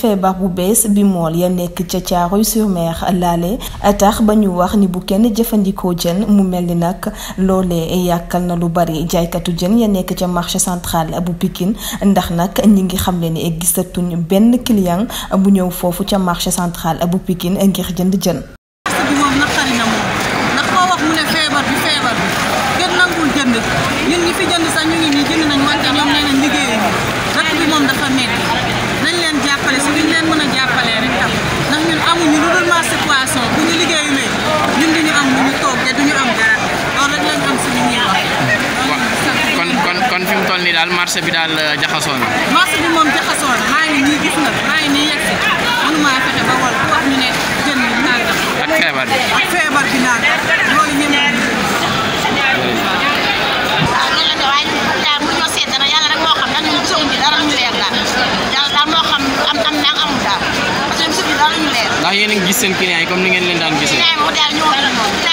feebar bu bees bi mool ya nekk ca caaroy sur mer laale tax ba ñu wax ni bu kenn jëfandikoo jën mu mel ni nag loolee yàkkal na lu bari jaaykatu jën ya nekk ca marché central bu Pikine ndax nag ñi ngi xam ne ni gisatuñ benn client bu ñëw foofu ca marché central bu Pikine ngir jënd jën fi jënd sax ñu ngi nii jënd nañ wante ñoom nee liggéeyuñu rek bi moom dafa metti nañ leen jàppale si liñ leen mën a jàppalee rek tam ndax ñun amuñu lu dul marché poisson bu ñu liggéeyulee ñun duñu am lu ñu toog te duñu am dara loolu rek am si li ñuy wax kon kon kon fi toll nii daal marché bi daal euh, jaxasoo na bi moom jaxasoo na nii gis nga maa nii yegg si mënumaa fexe ba wax ñu ne jënd nangam ak feebar yéen a ngi gis seen client ni ngeen leen daan gisee.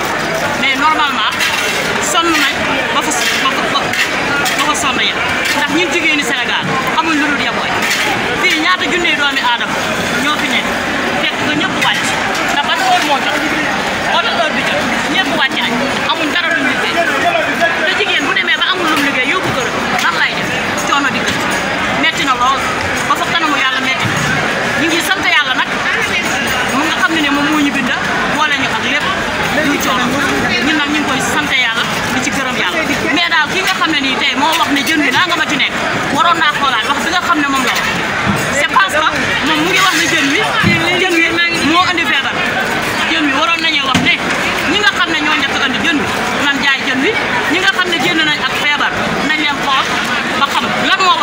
normalement sonn nañ ba fa ba fa sonn ya ndax ñun jigéenu Sénégal amuñ lu dul yabooy fii ñaata junne doomi aadama ñoo fi nekk fekk nga ñëpp wàcc ndax ban heure moo jot ban heure bi jot xam ne nii tey moo wax ne jën naa nga ma ci waroon naa xoolaat wax bi nga xam ne moom la je pense que mu ngi wax ne jën moo indi feebar jën wi waroon nañu wax ne ñi nga xam ne ñoo njëkk indi jën wi jaay jën ñi nga xam ne jënd nañ ak feebar nañ leen xool ba xam lan moo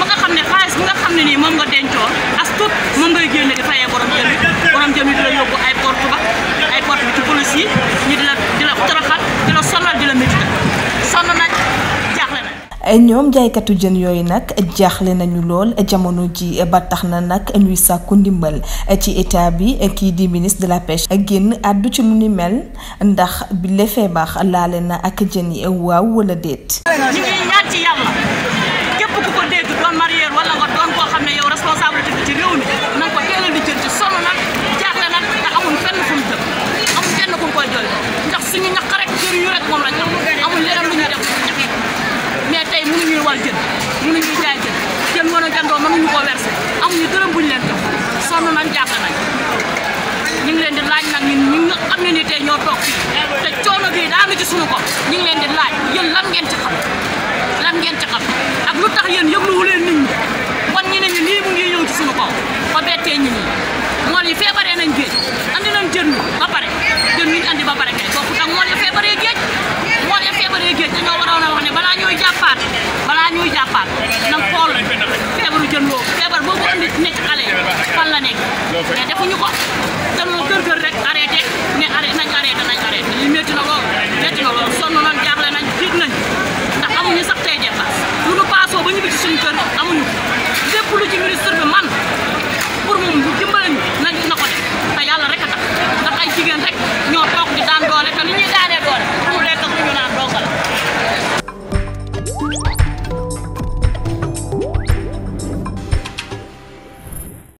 ba nga xam ne xaalis bi nga xam ne nii moom nga dencoo as moom ngay génne di fayee borom jëm borom di la yóbbu ay porte ba ay porte bi ci police yi ñu di la di di la sonal di la métti sonn jaaxle eh, jaaykatu jën yooyu nag jaaxle nañu lool jamono ji ba tax na nag ñuy sàkku ndimbal ci état bi kii di ministre de la pêche génn àddu ci lu ni mel ndax bi le feebar laale na ak jën yi waaw wala déet. ñu ngi ñaan ci yàlla. mareyeur wala nga doon koo xam ne yow responsabilité bi ci réew mi na nga ko teel a lijjanti sonn nag jaaxle nag te amul fu mu jëm kenn ku mu koy jooy ndax suñu ñaq rek jër yu rek ñuy def jën jën jën mën a jëndoo mënuñu koo versé amuñu dërëm buñu leen jox sonn nañ jaaxle nañ ñu ngi leen di laaj nag ñi nga xam ne tey ñoo toog fii te coono bii daanu ci suñu ko ñu leen di laaj yéen lan ngeen ci xam lan ngeen ci xam lu tax yéen yëgluwu leen nit ñi wan ñeneen ñi lii mu ngi ñëw ci suñu